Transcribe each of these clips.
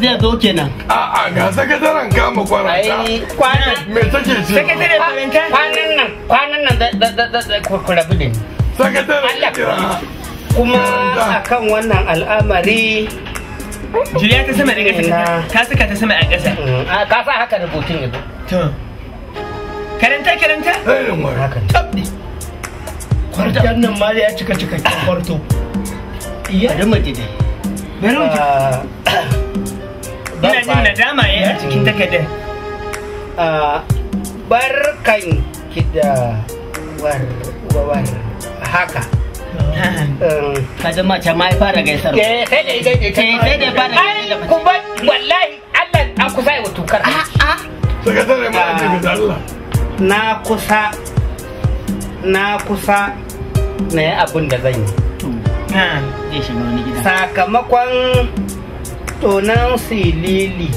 zai zo kenan a'a ga sakataren kama kwaranta kwanan me take ce sakatare kwaranta kwanan nan kwanan nan da da da da ku rabu da ni sakatare kira kuma akan wannan al'amari jiriya ta sama daga ta ka saka ta sama a ƙasa ka mm, sa haka rubutun yanzu karanta karanta irin wani haka tabbi kwartar nan ma ya cika cika kwarto iya da mace dai bari mace ina jin nadama eh, a cikin takardar war war haka kaga mace ma fara gaisar eh sai da ita ita eh, sai da fara gaisar kuma wallahi Allah an kusa ya tukar ah, ah. a a na kusa na kusa na yi abin da zan yi sakamakon tonan silili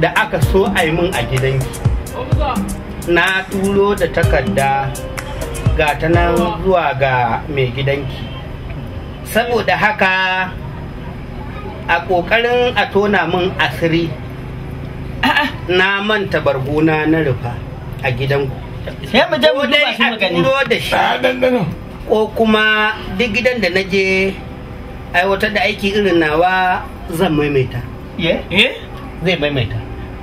da aka so a yi min a gidanki na turo da takarda ga ta nan zuwa ga mai gidanki saboda haka a ƙoƙarin a tona min asiri na manta bargona na rufa a gidanku sai mu je mu da shi ko kuma duk gidan da na je aiwatar da aiki irin nawa zan maimaita zai maimaita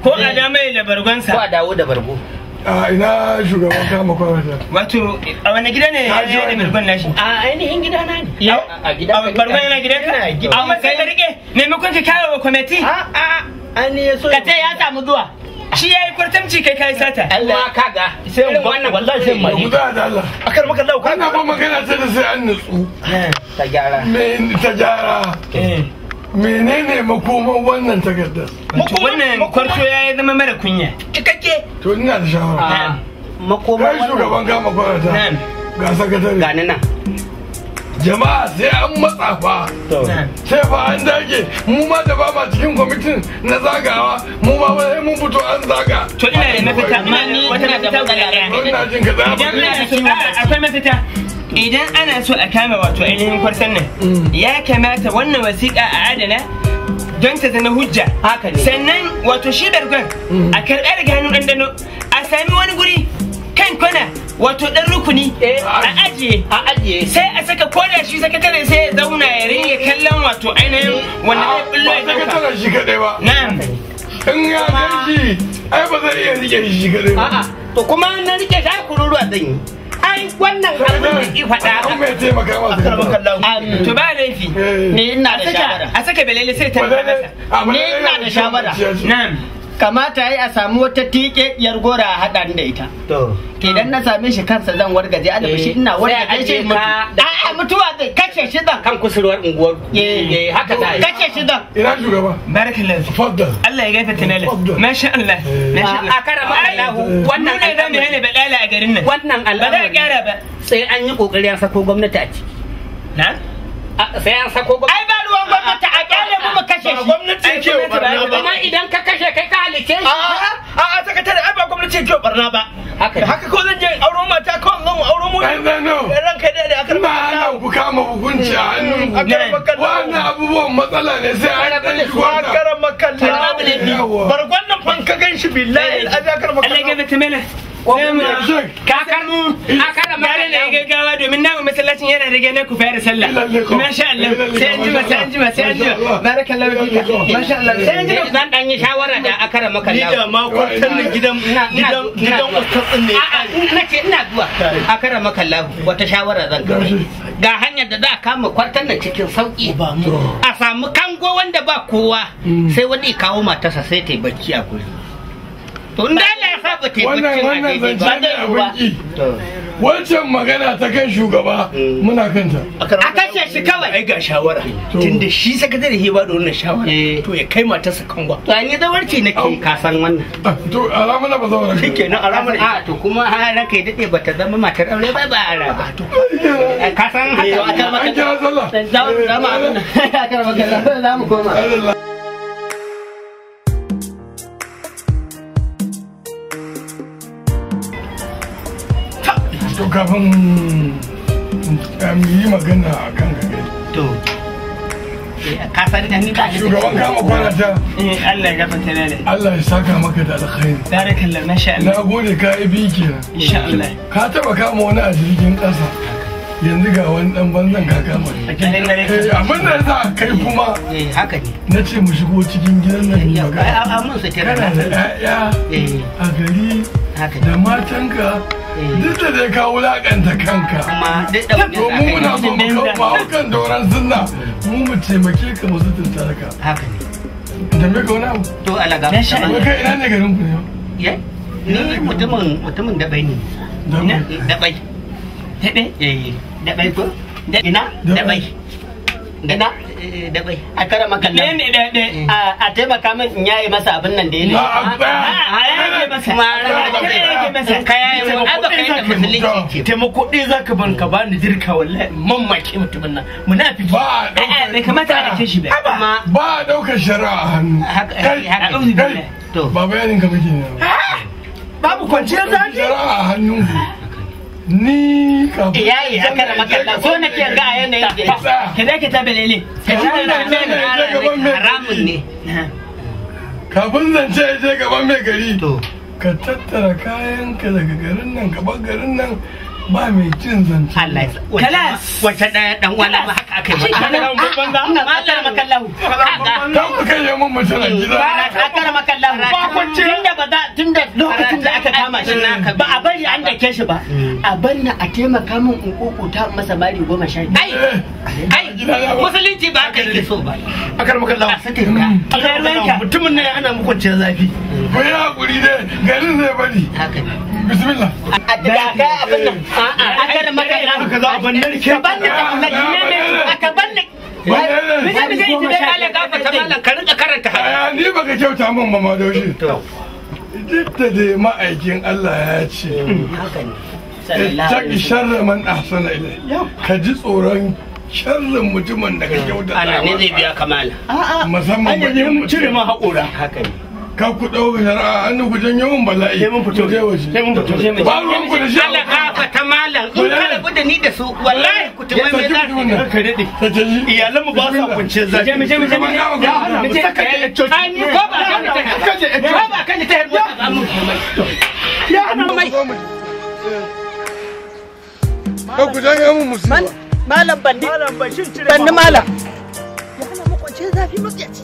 ko a da mai da bargonsa ko a dawo da bargo a ina shugaban kama kwanata wato a wani gida ne ya yi da bargon nashi a ainihin gida na ne a gida ka bargon yana gida ka a matsayin rike maimakon ka kawo wa kwamiti a a an ne ya so ka ce ya samu zuwa shi yi kwartamci kai kai sata Allah kaga sai mu wannan wallahi sai mu da Allah akar maka Allah kaga ba magana ta da sai an nutsu eh, ta gyara me ta gyara eh. menene makoman wannan takardar wannan kwarto yayi zama mara kunya kake to ina da shawara ah. makoma wannan shugaban gama kwarata ga sakatare ga nan jama'a sai an matsa fa sai fa an dage mu ma da ba ma cikin kwamitin na zagawa mu ma sai mun fito an zaga to ina da mafita ma ni wata na da ina jin ka za akwai mafita idan ana so a kama wato ainihin kwarsan nan mm. ya kamata wannan wasiƙa a adana don ta zama hujja haka ne sannan wato shi dargon a mm. karɓar ganin ɗanɗano a sami wani guri kan kwana wato dan rukuni eh. a ajiye a ajiye sai a saka koda shi sakatare sai ya zauna ya ringa kallon wato ainihin wanda ya bullo ya dauka sakatare shi kadai ba na'am in ya ganshi ai ba zai iya rike shi kadai ba a'a to kuma na rike shi ai kururuwa zan yi ai wannan abin da ki faɗa an mai taimaka masa to ba laifi eh. ni ina da shawara a saka belele sai ta ni ina da shawara na'am kamata yi a samu wata yar gora a haɗa da ita to idan na same shi kansa zan wargaje a shi eh, ina wargaje shi a mutuwa zai kashe shi zan kan kusurwar unguwar eh. eh haka yi kashe shi zan ina shugaba barakallahu faddal Allah ya gaita tunale eh, masha Allah masha Allah akarama Allah wannan ne zamu hane balala a garin nan wannan Allah ba zai gyara ba sai an yi kokari an sako gwamnati a ciki na sai an sako gwamnati ai ba ruwan gwamnati a mu kashe shi gwamnati ke barna ba amma idan ka kashe kai ka halice shi a a sakatare ai ba gwamnati ke barna ba haka haka ko zan je auro mata ko zan auro mu eh, ran kai ba ku kama hukunci a hannun wannan abubuwan matsala ne sai an shi wannan kwan ka gan shi billahi azakar maka Allah ya gaba mana kakarmu a kada magana ya gaggawa domin namu masallacin yana rage na ku fara sallah masha Allah sai an jima sai an jima sai an jima barakallahu fika masha Allah sai an jima zan dan yi shawara da a akara maka Allah ni da ma kwantar nan gidan gidan gidan ustadin ne a ce ina zuwa akara maka Allah wata shawara zan ga ga hanyar da za a kama kwartar nan cikin sauki a samu kango wanda ba kowa mm. sai wani kawo matarsa sai ta yi bacci a tun da ya sa ba ta wancan magana ta kan shugaba muna kanta a kashe shi kawai ai ga shawara tunda shi sakatare he ba da wannan shawara eh. to ya kai sa kangwa to ni da zawarci nake ka san wannan ah, to alama na ba zawara nan alama a ah, to kuma har ranka ya dade bata zama matar aure ba ba ara ba ah, to ka san haka zama zama a an kira sallah za zama koma kafin yi magana a kan gaggai. to eh, da shugaban kama kwana ta eh, ya Allah maka da alkhairi na gode ka yi bi insha ka taba kama wani a jirgin kasa yanzu ga wani dan banzan ka kama eh, abin da za kai kuma haka na ce mu shigo cikin gidan nan magana da 'ya'ya a gari da matanka eh. duk da zai ka wulaƙanta kanka to mu muna so mu kawo kan dauran sunna mu mu taimake ka mu sutunta ka haka ne da me ka mu to alaga na shi ne kai ina ne garin ku ne ni mutumin mutumin dabai ne dabai dabai dabai eh, eh ko da ina dabai Ina? Dabai. A kara makalla. Ne ne a taimaka min in yaye masa abin nan da ya ne. A yaye masa. Ma yaye masa. Ka yaye masa. Ai ba kai da musulunci ke. Taimako ɗaya za ka ban ka bani dirka wallahi mamaki mutumin nan. Ba a Bai kamata a ɗauke shi ba. Ba ɗaukar shari'a a hannu. Haka. Haka. Ba bayanin ka muke ne. Babu kwanciyar zafi. Shari'a a hannun ku. ni kabu yayi aka da makalla so nake ga a yanayin da ke da ke tabelele ka ci da haramun ne kafin zance ya je gaban mai gari ka tattara kayan ka daga garin nan ka gaban garin nan ba mai jin zance Allah kalas wata daya dan wala ba haka aka yi ba Allah banza Allah makallahu dan ku kai mun mutum a gida ba akara makallahu ba kwance tunda ba za tunda lokacin da aka kama shi ba a bari an dake shi ba a banna a taimaka min in kokuta masa mari goma sha biyu ai ai musulunci ba ka yi so ba akar maka lawa sake ka mm. akar maka lawa mutumin ne ana mu kwanciyar zafi ko ya hakuri dai garin zai bari bismillah da ga abin nan a'a akar maka lawa ka za a banne ke ban ne ka banne Bisa bisa yi dai ala gafa ta malam ka rinka karanta haka. Ni baka kyauta min ba ma daushe. Duk da dai ma'aikin Allah ya ce. Mm, haka ne. Ta sharra man ahsana ilai. Ka ji tsoron sharrin mutumin da ka kyauta ana ne zai biya kamala a'a musamman ba ne mun cire ma haƙura haka ne ka ku ɗau shari'a hannu ku janyo mun bala'i sai mun fito sai mun fito sai mun fito ba ku da shi Allah ka fata malam in ka rabu da ni da su wallahi ku tumai me za ku ka dade iyalan mu ba sa kunce za je je mu je mu ya hana mu saka ta coci ai ko ba ka ta ko ba ka ta herbo ta mu ya hana mai ka ku janyo mun Malam bandi. Malam bashin cire. Bandi malam. Ya ana makwancin zafi matsayaci.